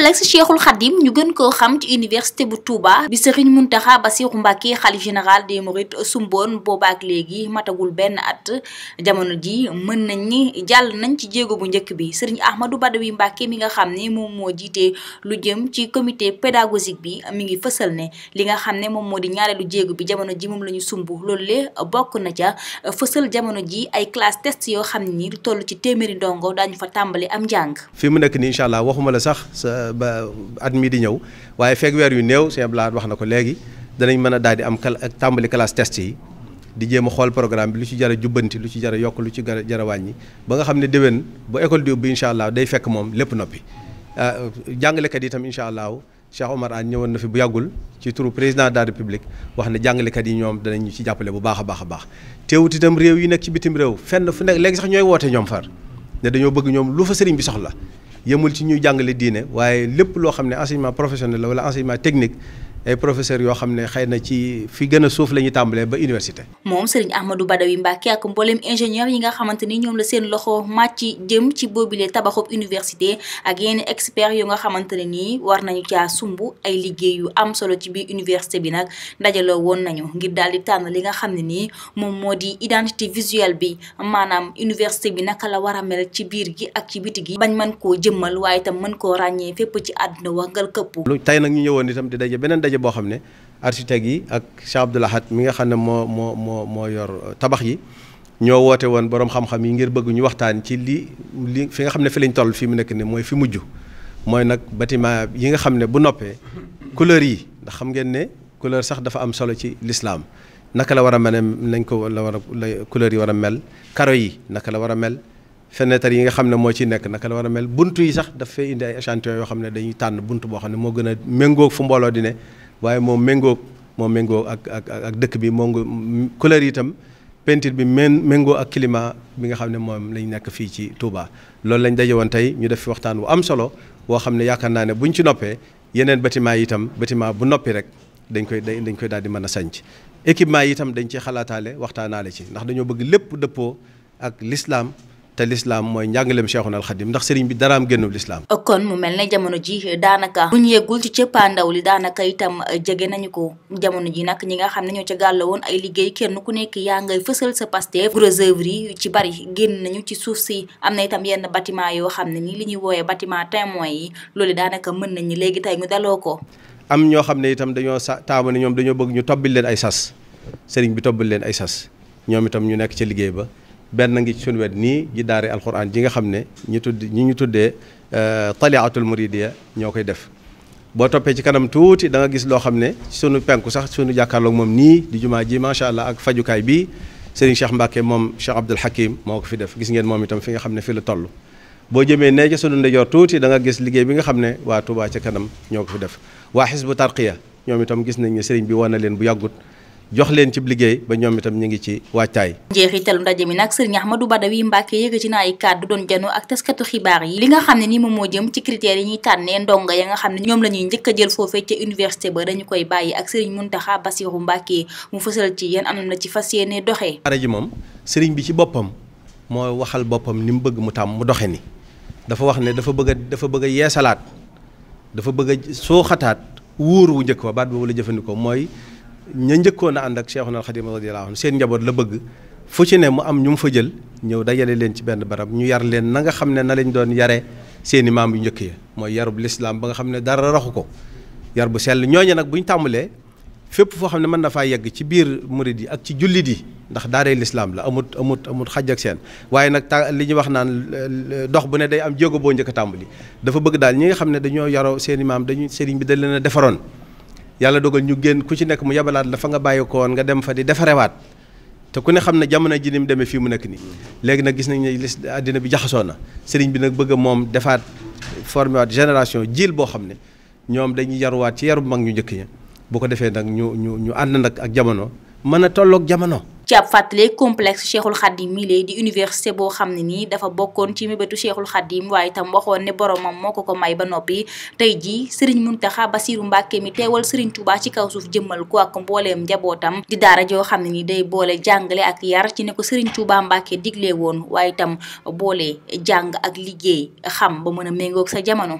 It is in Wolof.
complexe Cheikhul Khadim ñu gën koo xam ci bu Touba bi Serigne Mountakha Bassirou Mbacké xalif général des mourides sumboon boobaak léegi matagul benn at jamono ji mën nañ ni jàll nañ ci jéego bu njëkk bi Serigne Ahmadou Badawi Mbacké mi nga xam ne moom moo jiite lu jëm ci comité pédagogique bi mi ngi fësal ne li nga xam ne moom moo di ñaareelu jéego bi jamono ji moom la ñu sumb loolu le bokk na ca fësal jamono ji ay classe test yoo xam ni lu toll ci téeméeri ndongo daañu fa tàmbali am njàng fi mu nekk ni incha allah waxuma la sax ba at mii di ñëw waaye feeg weer yu néew sëñ Abdoulaye wax na ko léegi danañ mën a daal di am kal tàmbali classe test yi di jéem a xool programme bi lu ci jar a jubbanti lu ci jar yokk lu ci jar a wàññi ba nga xam ne déwén bu école di ubbi incha allah day fekk moom lépp noppi euh, jàngalekat yi itam incha allah Cheikh Omar Anne ñëwoon na fi bu yàggul ci turu président de la république wax ne jàngalekat yi ñoom danañu ci jàppale bu baax a baax a baax teewut itam réew yi nekk ci bitim réew fenn fu nekk léegi sax ñooy woote ñoom far ne dañoo bëgg ñoom yëmul ci ñuy jàngale diine waaye lépp loo xam ne enseignement professionnel la wala enseignement technique ay professeurs yoo xam ne xëy na ci fi gën a suuf la ñuy tàmbalee ba université. moom Serigne Ahmadou Badawi Mbacke ak mboolem ingénieur yi nga xamante ni ñoom la seen loxo màcc jëm ci boobile tabaxub université ak yenn experts yu nga xamante ne nii war nañu caa sumb ay liggéey yu am solo ci biir université bi nag dajaloo woon nañu ngir daal di tànn li nga xam ne nii moom moo di identité visuelle bi maanaam université bi naka la war a mel ci biir gi ak ci biti gi. bañ mën koo jëmmal waaye itam mën koo ràññee fépp ci àdduna wangal këpp. lu tey nag ñu ñëwoon itam di daje daje boo xam ne architecte yi ak Cheikh Abdoul Ahad mi nga xam ne moo moo moo moo yor euh, tabax yi ñoo woote woon boroom xam-xam yi ngir bëgg ñu waxtaan ci lii li fi nga xam ne fi lañ toll fii mu nekk nii mooy fi mujj mooy nag bâtiment yi nga xam ne bu noppee couleur yi ndax xam ngeen ne couleur sax dafa am solo ci lislaam naka la war a mel nañ ko la war a couleur yi war a mel karo yi naka la war a mel fenêtre yi nga xam ne moo ci nekk naka la war a mel bunt yi sax dafay indi ay échantillon yoo xam ne dañuy tànn bunt boo xam ne moo gën a méngóog fu mbooloo di waaye moom méngoo moo méngoo ak ak dëkk bi moo ngi couleur itam peinture bi men méngoo ak climat bi nga xam ne moom lañu nekk fii ci Touba. loolu lañ daje woon tey ñu def fi waxtaan wu am solo woo xam ne yaakaar naa ne bu buñ ci noppee yeneen bâtiment yi itam bâtiment bu noppi rek dañ koy dañ koy daal di mën a sanc équipement yi itam dañ ci xalaataale waxtaanaale ci ndax dañoo bëgg lépp dëppoo ak lislaam te lislaam mooy njàngaleem Cheikhuna al Xadim ndax sëriñ bi daraam génnul lislaam kon mu mel ne jamono ji daanaka bu ñu yeggul ci cëppaandaw li daanaka itam jege nañu ko jamono ji nag ñi nga xam ne ñoo ca gàlla woon ay liggéey kenn ku nekk yaa ngay fësal sa Pastef gros œuvre yi ci bari génn suuf si am na itam yenn batiment yoo xam ne ñi li ñuy wooyee batiment témoin yi loolu daanaka mën nañu léegi tey ñu daloo ko am ñoo xam ne itam dañoo sa taamu ne ñoom dañoo bëgg ñu tobbil leen ay sas sëriñ bi tobbil leen ay sas ñoom itam ñu nekk ca liggéey ba benn ngi ci sunu wet nii ji daare alxuraan ji nga xam ne ñi tudd ñi ñu tuddee euh, taliatul muridiya ñoo koy def boo toppee ci kanam tuuti da nga gis loo xam ne sunu penku sax sunu jàkkaarlook moom nii di jumaa ji macha allah ak fajukaay bii Serigne Cheikh mbaqe moom Cheikh Abdoul Hakim moo ko fi def gis ngeen moom itam fi nga xam ne fi la toll boo jëmee nee ca sunu ndeyjoor tuuti da nga gis liggéey bi nga xam ne waa Touba ca kanam ñoo ko fi def waa xisbu tarqiya ñoom itam gis nañ ne Serigne bi wan na leen bu yàggut jox leen ci liggéey ba ñoom itam ñu ngi ci njeexi njeexitalu ndaje mi nag sëriñ Ahmadou Badawi Mbacke yëkkati na ay kàddu doon janoo ak taskatu xibaar yi li nga xam ne ni moom moo jëm ci critères yi ñuy tànnee ndongo ya nga xam ne ñoom la ñuy njëkk a jël foofee ca université ba dañu koy bàyyi ak sëriñ Muntaxa Basiru Mbacke mu fësal ci yéen am na ci fas yéene doxe daara ji moom sëriñ bi ci boppam mooy waxal boppam ni mu bëgg mu tàmm mu doxe ni dafa wax ne dafa bëgg dafa bëgg a yeesalaat dafa bëgg a sooxataat wóor wu njëkk ba baat la jëfandikoo mooy ña njëkkoon a ànd ak Cheikhul Khadim radiyallahu anhu seen njaboot la bëgg fu ci ne mu am ñu mu fa jël ñëw dajale leen ci benn barab ñu yar leen nanga xam ne na lañ doon yare seeni maam yu njëkk ya mooy yarub lislaam ba nga xam ne dara raxu ko yar bu sell ñooñu nag bu ñu tàmbalee fépp foo xam ne mën na yegg ci biir murid yi ak ci jullit yi ndax daaree lislaam la amut amut amut xaj ak seen waaye nag li ñuy wax naan dox bu ne day am jéego boo njëkk tàmbali dafa bëgg daal ñi nga xam ne dañoo yaroo seeni maam dañu sëriñ bi dañ leen defaroon yàlla dogal ñu génn ku ci nekk mu yabalaat la fa nga bàyyi ko woon nga dem fa di defarewaat te ku ne xam ne jamono ji ni mu demee fii mu nekk nii léegi nag gis nañ ne àddina bi jaxasoo na sëriñ bi nag bëgg moom defaat formé waat génération jiil boo xam ne ñoom dañuy yaruwaat ci yaru mag ñu njëkk ña boo ko defee nag ñu ñu ñu ànd nag ak jamono mën a tollook jamono ci ab fàttali complexe Cheikhul Khadim mile di université boo xam ne nii dafa bokkoon ci mébétu Cheikhul Khadim waaye itam waxoon ne boromam moo ko ko may ba noppi tey jii Serigne Mountakha Bassirou Mbacké mi teewal Serigne Touba ci kaw suuf jëmmal ko ak mbooleem njabootam di daara joo xam ne nii day boole jàngale ak yar ci ne ko Serigne Touba Mbacké digle woon waaye itam boolee jàng ak liggéey xam ba mën a méngoog sa jamono.